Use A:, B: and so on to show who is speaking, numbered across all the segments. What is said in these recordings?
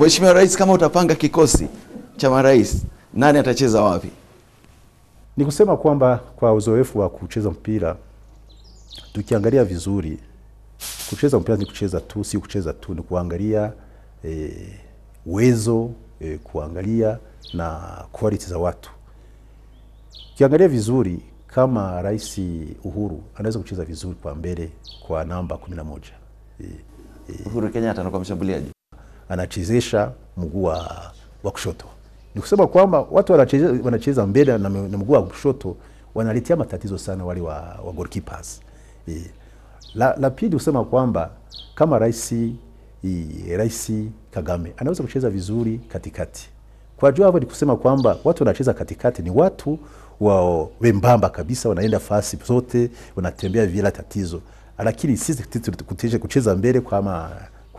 A: Mheshimiwa Rais, kama utapanga kikosi cha marais, nani atacheza wapi?
B: Ni kusema kwamba kwa uzoefu wa kucheza mpira, tukiangalia vizuri, kucheza mpira ni kucheza tu, si kucheza tu, ni kuangalia eh, uwezo e, e, kuangalia na quality za watu. Ukiangalia vizuri kama Rais Uhuru anaweza kucheza vizuri kwa mbele kwa namba 11. E,
A: e, Uhuru Kenyatta anakuwa mshambuliaji
B: anachezesha mguu wa wa kushoto. Ni kusema kwamba watu wanacheza, mbele na, na mguu wa kushoto wanaletea matatizo sana wale wa, wa goalkeepers. E. La, la pili kusema kwamba kama rais e, Rais Kagame anaweza kucheza vizuri katikati. Kwa jua hapo ni kusema kwamba watu wanacheza katikati ni watu wao wembamba kabisa, wanaenda fasi zote, wanatembea bila tatizo, lakini sisi kucheza mbele kwa ma,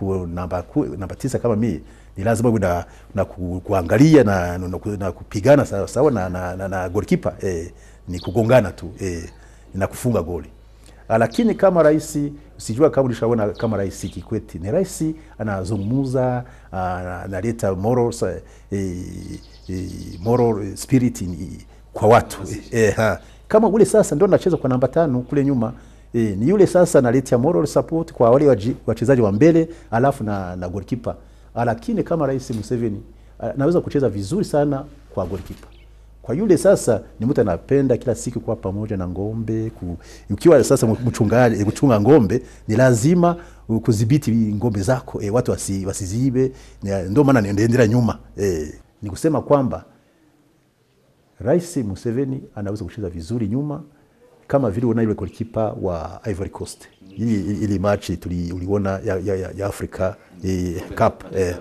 B: namba, namba tisa kama mimi ni lazima na, na ku, kuangalia na, na, na kupigana sawa sawa na, na, na, na goalkeeper eh, ni kugongana tu eh, na kufunga goli ah, lakini kama rais sijua kama ulishaona kama rais Kikwete ni rais anazungumza, ah, analeta moral, eh, eh, moral spirit ni, kwa watu eh, eh, ha. Kama ule sasa ndio anacheza kwa namba tano kule nyuma E, ni yule sasa naleta moral support kwa wale wachezaji wa mbele alafu na, na goalkeeper. Lakini kama Rais Museveni ah, naweza kucheza vizuri sana kwa goalkeeper. Kwa yule sasa ni mtu anapenda kila siku kuwa pamoja na ng'ombe ku, ukiwa sasa mchungaji kuchunga eh, ng'ombe ni lazima kudhibiti ng'ombe zako e, watu wasi, wasizibe. Ndio maana niendelea nyuma e, ni kusema kwamba Rais Museveni anaweza kucheza vizuri nyuma kama vile uona yule golikipa wa Ivory Coast ili match uliona ya, ya, ya Africa ya eh, Cup eh,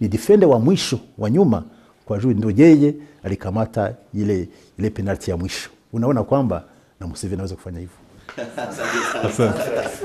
B: ni defender wa mwisho wa nyuma kwa juu ndio yeye alikamata ile, ile penalti ya mwisho. Unaona kwamba na Museveni anaweza kufanya hivyo. Asante.